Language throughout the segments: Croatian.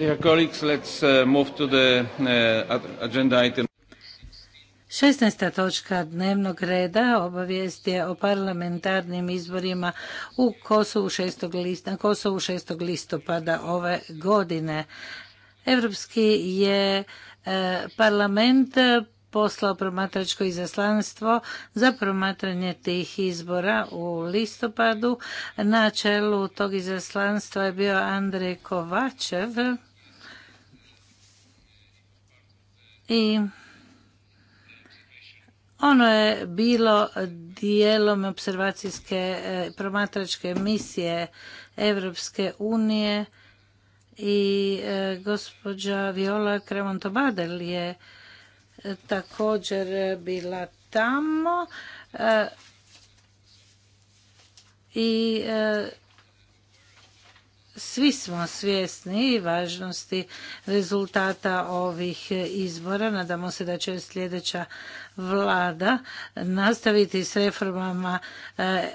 Dear colleagues, let's uh, move to the uh, agenda 16. točka dnevnog reda obavijest o parlamentarnim izborima u Kosovu 6. List, Kosovu 6. listopada ove godine. Europski je e, parlament poslao promatračko izaslanstvo za promatranje tih izbora u listopadu. Na čelu tog izaslanstva je bio Andrej Kovačev i ono je bilo dijelom observacijske e, promatračke misije Evropske unije i e, gospođa Viola Kremontobadel je e, također bila tamo i svi smo svjesni važnosti rezultata ovih izbora. Nadamo se da će sljedeća vlada nastaviti s reformama e,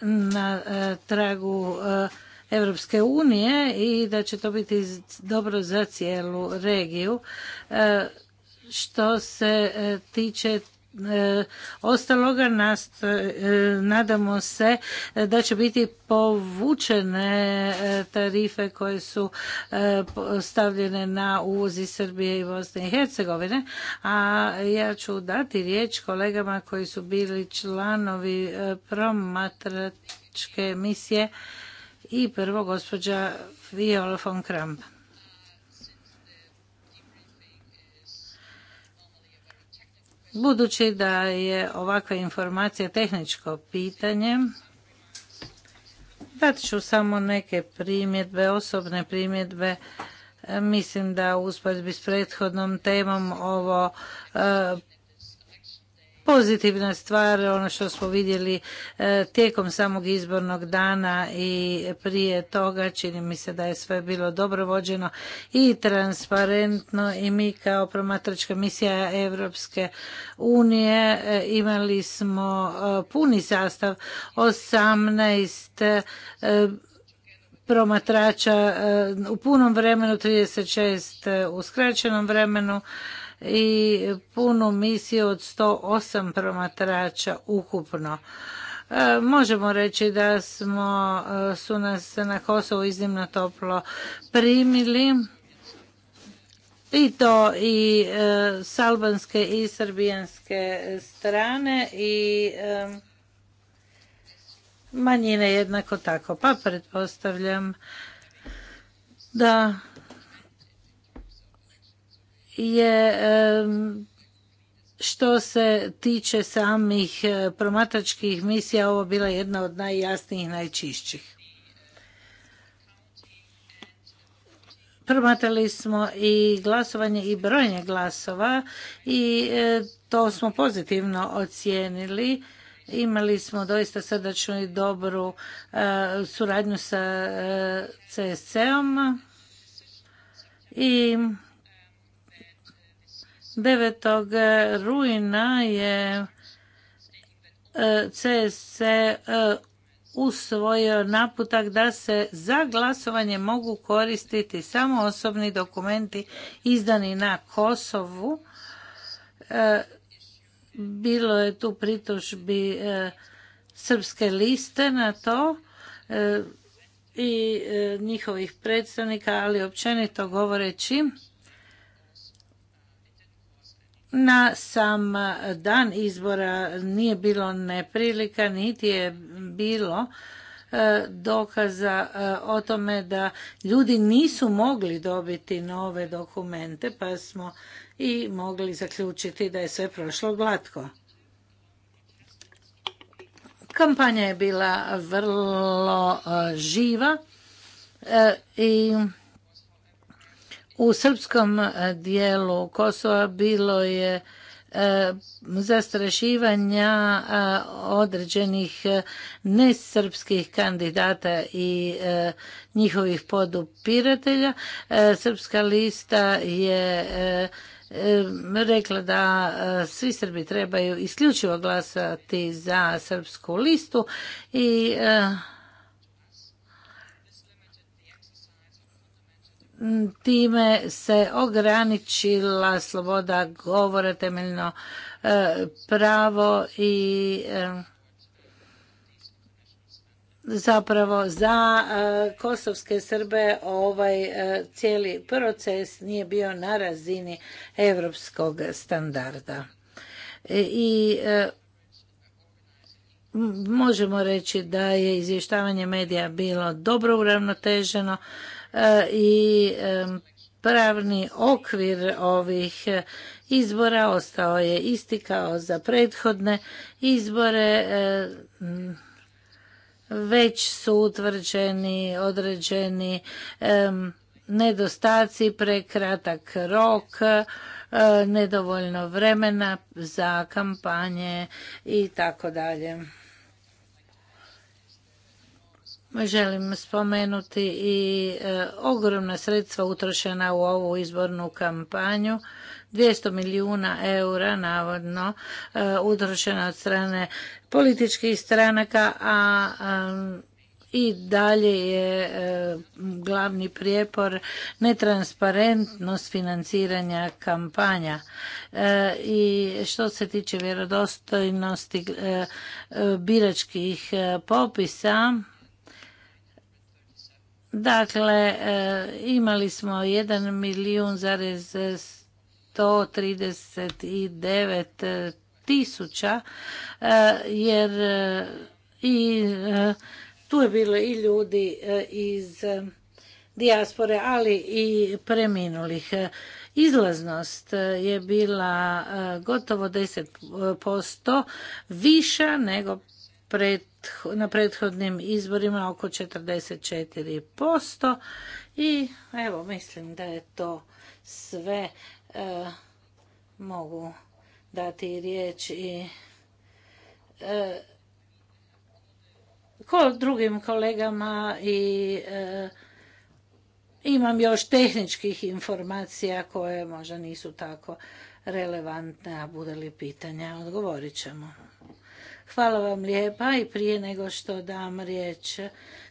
na e, tragu e, Evropske unije i da će to biti dobro za cijelu regiju. Što se tiče E, ostaloga e, nadamo se da će biti povučene e, tarife koje su stavljene na uvoz Srbije i Bosne i Hercegovine a ja ću dati riječ kolegama koji su bili članovi promatračke misije i prvo gospođa Viola von Kramp Budući da je ovakva informacija tehničko pitanje, dat ću samo neke primjedbe, osobne primjedbe. E, mislim da usporedbi s prethodnom temom ovo e, pozitivna stvar, ono što smo vidjeli e, tijekom samog izbornog dana i prije toga, čini mi se da je sve bilo dobro vođeno i transparentno i mi kao promatračka misija Europske unije e, imali smo e, puni sastav 18 promatrača u punom vremenu, 36 u skraćenom vremenu i punu misiju od 108 promatrača ukupno. E, možemo reći da smo, e, su nas na Kosovu iznimno toplo primili i to i e, s albanske i srbijanske strane i manjine jednako tako. Pa pretpostavljam da je što se tiče samih e, promatračkih misija, ovo bila jedna od najjasnijih, najčišćih. Promatrali smo i glasovanje i brojnje glasova i e, to smo pozitivno ocijenili. Imali smo doista srdačnu i dobru e, suradnju sa CSC-om i 9. rujna je CSC e, e, e, usvojio naputak da se za glasovanje mogu koristiti samo osobni dokumenti izdani na Kosovu. Bilo je tu pritužbi srpske liste na to i njihovih predstavnika, ali općenito govoreći na sam dan izbora nije bilo neprilika, niti je bilo e, dokaza e, o tome da ljudi nisu mogli dobiti nove dokumente, pa smo i mogli zaključiti da je sve prošlo glatko. Kampanja je bila vrlo e, živa i u srpskom e, dijelu Kosova bilo je e, zastrašivanja e, određenih nesrpskih kandidata i njihovih podupiratelja. Srpska lista je rekla da svi Srbi trebaju isključivo glasati za srpsku listu i Mm, time se ograničila sloboda govora, temeljno e, pravo i e, zapravo za e, kosovske Srbe ovaj cijeli proces nije bio na razini europskog standarda. I možemo reći da je izvještavanje medija bilo dobro uravnoteženo E, i e, pravni okvir ovih izbora ostao je isti kao za prethodne izbore e, već su utvrđeni određeni nedostaci prekratak rok nedovoljno vremena za kampanje i tako dalje Želim spomenuti i e, ogromna sredstva utrošena u ovu izbornu kampanju. 200 milijuna eura navodno e, utrošena od strane političkih stranaka, a i dalje je e, glavni prijepor netransparentnost financiranja kampanja. I što se tiče vjerodostojnosti biračkih popisa, Dakle, e, imali smo jedan milijun zarez 139 e, tisuća, e, jer i tu je bilo i ljudi iz dijaspore, ali i preminulih. Izlaznost je bila gotovo 10% viša nego na prethodnim izborima oko 44% i evo mislim da je to sve e, mogu dati riječ i e, drugim kolegama i e, imam još tehničkih informacija koje možda nisu tako relevantne, a bude li pitanja, odgovorit ćemo. Hvala vam lijepa i prije nego što dam riječ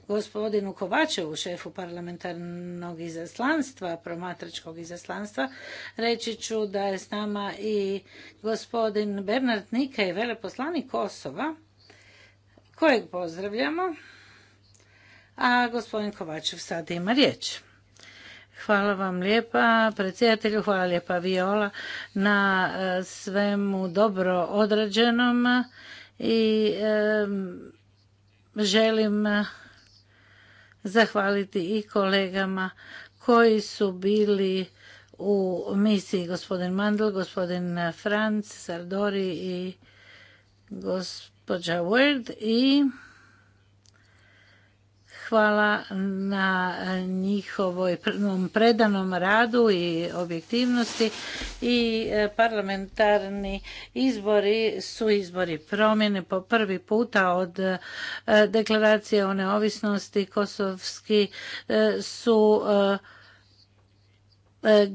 gospodinu Kovačevu, šefu parlamentarnog izaslanstva, promatračkog izaslanstva, reći ću da je s nama i gospodin Bernard Nike, veleposlanik Kosova, kojeg pozdravljamo, a gospodin Kovačev sad ima riječ. Hvala vam lijepa predsjedatelju, hvala lijepa Viola na e, svemu dobro odrađenom i želim eh, zahvaliti i kolegama koji su bili u misiji gospodin Mandel, gospodin Franc, Sardori i gospođa Word i Hvala na njihovoj predanom radu i objektivnosti i e, parlamentarni izbori su izbori promjene po prvi puta od e, deklaracije o neovisnosti kosovski e, su E,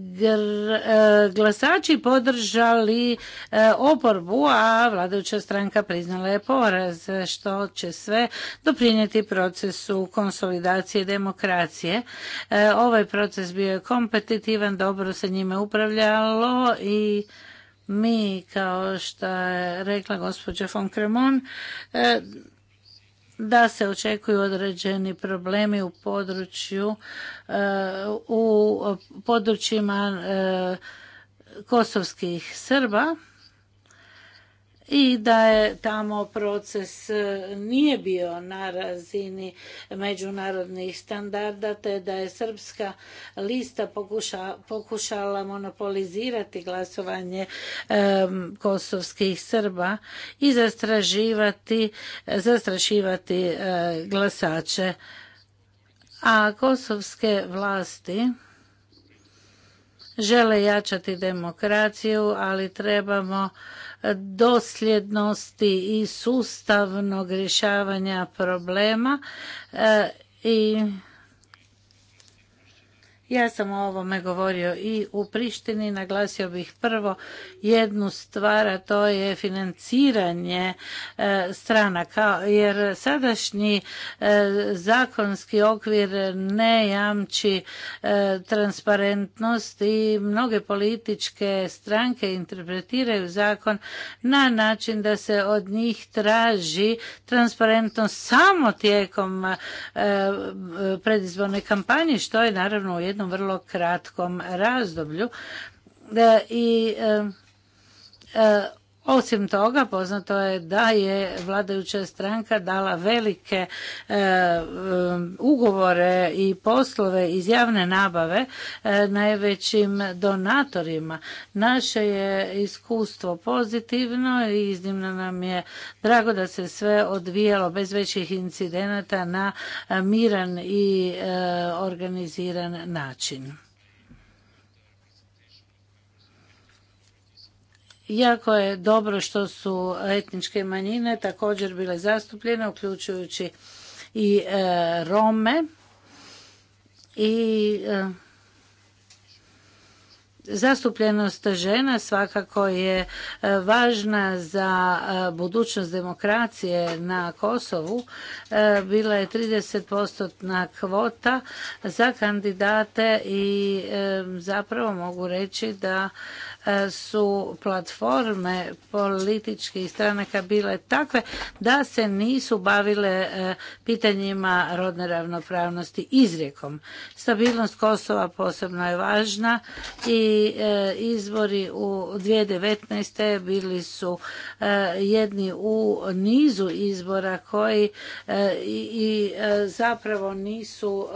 glasači podržali e, oporbu, a vladajuća stranka priznala je poraz, što će sve doprinijeti procesu konsolidacije demokracije. E, ovaj proces bio je kompetitivan, dobro se njime upravljalo i mi, kao što je rekla gospođa von Kremon, da se očekuju određeni problemi u području e, u područjima e, kosovskih Srba i da je tamo proces e, nije bio na razini međunarodnih standarda te da je srpska lista pokušala monopolizirati glasovanje e, kosovskih Srba i zastrašivati e, glasače. A kosovske vlasti žele jačati demokraciju, ali trebamo dosljednosti i sustavnog rješavanja problema e, i ja sam o ovome govorio i u Prištini, naglasio bih prvo jednu stvar, a to je financiranje e, stranaka, jer sadašnji e, zakonski okvir ne jamči e, transparentnost i mnoge političke stranke interpretiraju zakon na način da se od njih traži transparentnost samo tijekom predizborne kampanje, što je naravno u jednom vrlo kratkom razdoblju e, i e, e, osim toga, poznato je da je vladajuća stranka dala velike e, ugovore i poslove iz javne nabave e, najvećim donatorima. Naše je iskustvo pozitivno i iznimno nam je drago da se sve odvijalo bez većih incidenata na miran i e, organiziran način. Jako je dobro što su etničke manjine također bile zastupljene, uključujući i e, Rome i e, zastupljenost žena svakako je e, važna za e, budućnost demokracije na Kosovu. E, bila je 30% kvota za kandidate i zapravo mogu reći da su platforme političkih stranaka bile takve da se nisu bavile pitanjima rodne ravnopravnosti izrijekom. Stabilnost Kosova posebno je važna i izbori e, izvori u 2019. bili su e, jedni u nizu izbora koji e, i zapravo nisu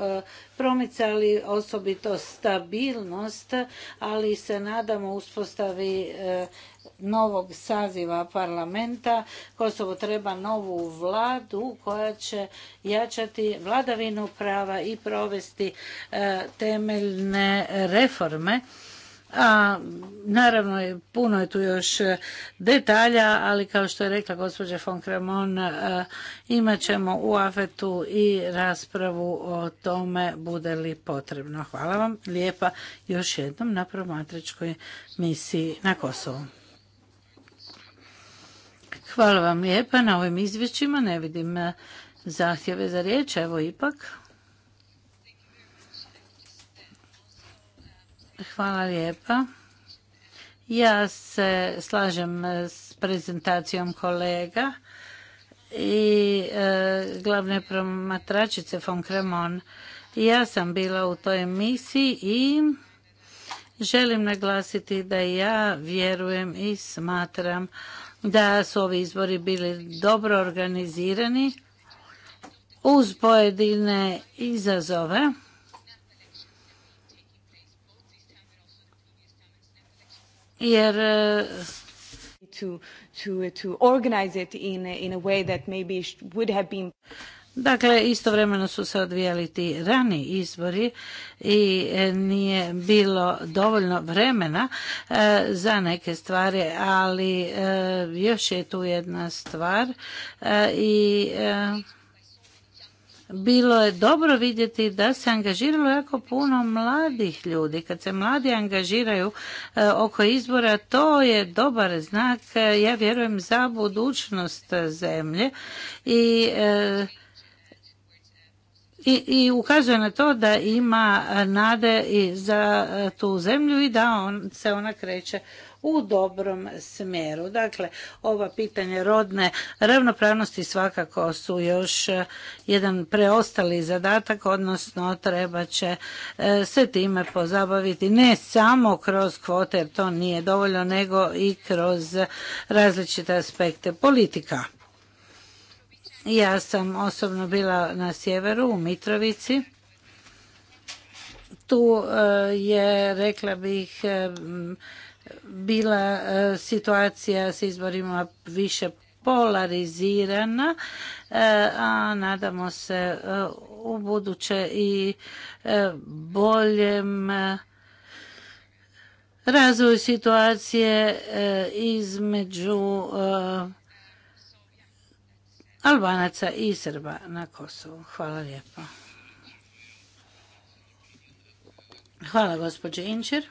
promicali osobito stabilnost, ali se nadamo uspostavi novog saziva parlamenta. Kosovo treba novu vladu koja će jačati vladavinu prava i provesti temeljne reforme a naravno puno je tu još e, detalja, ali kao što je rekla gospođa von Kramon, e, imat ćemo u afetu i raspravu o tome bude li potrebno. Hvala vam lijepa još jednom na promatračkoj misiji na Kosovu. Hvala vam lijepa na ovim izvješćima, ne vidim e, zahtjeve za riječ, evo ipak. Hvala lijepa. Ja se slažem s prezentacijom kolega i e, glavne promatračice von Kremon. Ja sam bila u toj misiji i želim naglasiti da ja vjerujem i smatram da su ovi izbori bili dobro organizirani uz pojedine izazove jer e, to, to, to organize it in, a way that maybe would have been Dakle, istovremeno su se odvijali ti rani izbori i e, nije bilo dovoljno vremena e, za neke stvari, ali još je tu jedna stvar i bilo je dobro vidjeti da se angažiralo jako puno mladih ljudi. Kad se mladi angažiraju eh, oko izbora, to je dobar znak, eh, ja vjerujem, za budućnost zemlje i eh, i, i ukazuje na to da ima nade i za tu zemlju i da on, se ona kreće u dobrom smjeru. Dakle, ova pitanja rodne ravnopravnosti svakako su još e, jedan preostali zadatak, odnosno treba će e, se time pozabaviti ne samo kroz kvote, jer to nije dovoljno, nego i kroz različite aspekte politika. Ja sam osobno bila na sjeveru u Mitrovici. Tu e, je, rekla bih, bila e, situacija s izborima više polarizirana, e, a nadamo se e, u buduće i boljem razvoju situacije između Albanaca i Srba na Kosovu. Hvala lijepo. Hvala gospođe Inčir.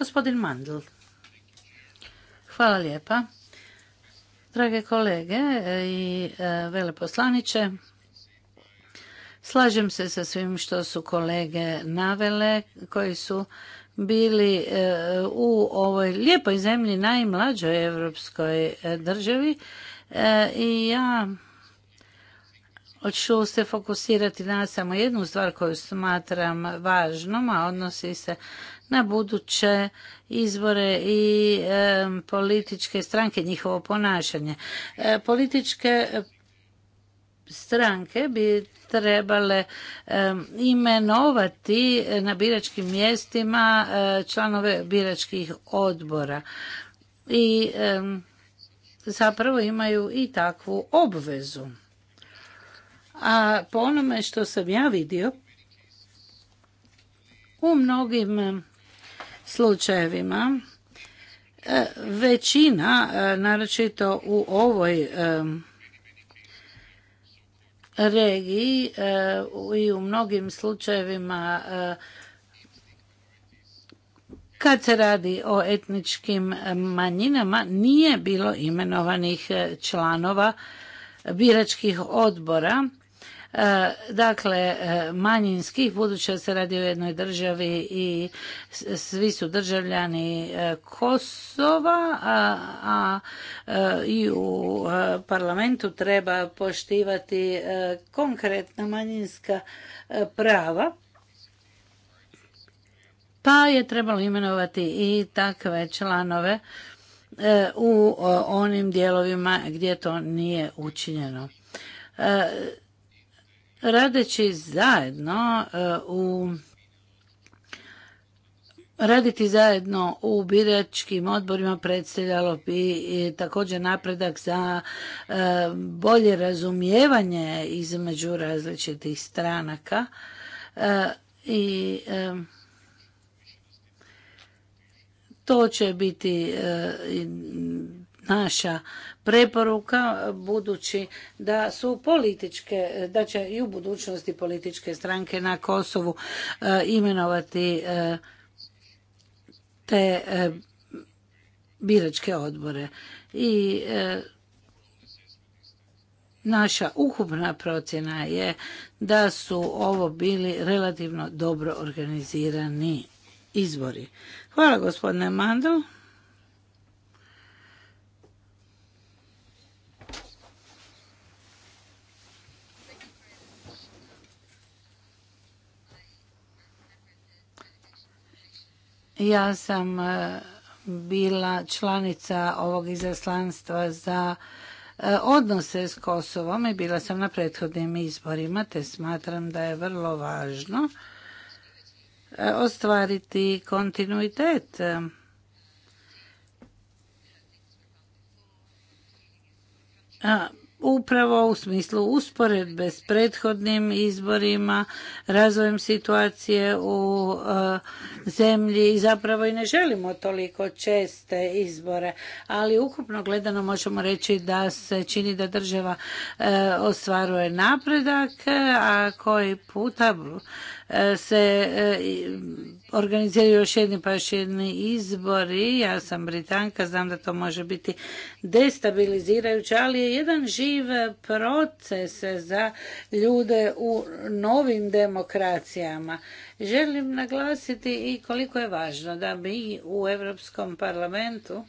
Gospodin Mandl. Hvala lijepa. Drage kolege i e, veleposlaniče, slažem se sa svim što su kolege navele koji su bili e, u ovoj lijepoj zemlji najmlađoj europskoj e, državi i ja ću se fokusirati na samo jednu stvar koju smatram važnom, a odnosi se na buduće izbore i političke stranke, njihovo ponašanje. E, političke stranke bi trebale imenovati na biračkim mjestima e, članove biračkih odbora i zapravo imaju i takvu obvezu. A po onome što sam ja vidio, u mnogim slučajevima e, većina, e, naročito u ovoj e, regiji i u mnogim slučajevima kad se radi o etničkim manjinama nije bilo imenovanih članova biračkih odbora E, dakle e, manjinskih budući da se radi o jednoj državi i svi su državljani e, Kosova a, i u parlamentu treba poštivati konkretna manjinska prava pa je trebalo imenovati i takve članove u onim dijelovima gdje to nije učinjeno radeći zajedno e, u Raditi zajedno u biračkim odborima predstavljalo bi također napredak za e, bolje razumijevanje između različitih stranaka e, i to će biti naša preporuka budući da su političke, da će i u budućnosti političke stranke na Kosovu eh, imenovati eh, te eh, biračke odbore. I naša ukupna procjena je da su ovo bili relativno dobro organizirani izbori. Hvala gospodine Mandl. Ja sam e, bila članica ovog izaslanstva za e, odnose s Kosovom i bila sam na prethodnim izborima, te smatram da je vrlo važno e, ostvariti kontinuitet upravo u smislu usporedbe s prethodnim izborima, razvojem situacije u e, zemlji i zapravo i ne želimo toliko česte izbore, ali ukupno gledano možemo reći da se čini da država e, ostvaruje napredak, a koji puta se e, organiziraju još jedni pa još jedni izbori. Ja sam Britanka, znam da to može biti destabilizirajuće, ali je jedan živ proces za ljude u novim demokracijama. Želim naglasiti i koliko je važno da mi u Europskom parlamentu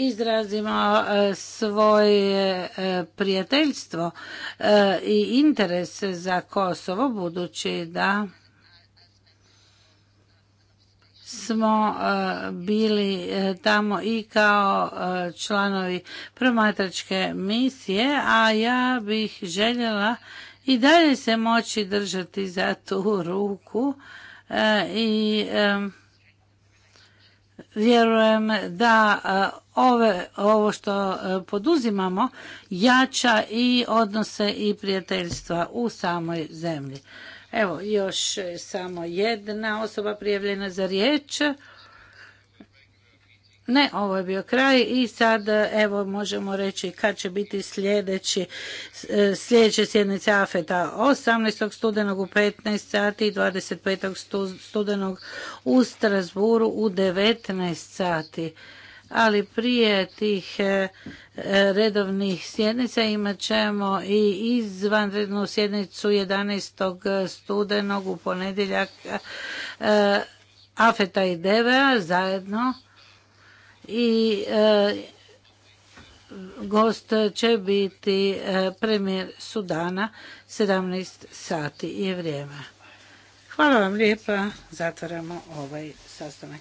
izrazimo e, svoje e, prijateljstvo e, i interes za Kosovo budući da smo bili tamo i kao članovi promatračke misije, a ja bih željela i dalje se moći držati za tu ruku i vjerujem da ove, ovo što e, poduzimamo jača i odnose i prijateljstva u samoj zemlji. Evo, još samo jedna osoba prijavljena za riječ. Ne, ovo je bio kraj i sad e, evo možemo reći kad će biti sljedeći, e, sljedeće sjednice AFETA 18. studenog u 15 sati i 25. studenog u Strasburu u 19 sati ali prije tih e, e, redovnih sjednica imat ćemo i izvanrednu sjednicu 11. studenog u ponedjeljak e, Afeta i Devea zajedno i gost će biti premijer Sudana 17 sati je vrijeme. Hvala vam lijepa, zatvaramo ovaj sastanak.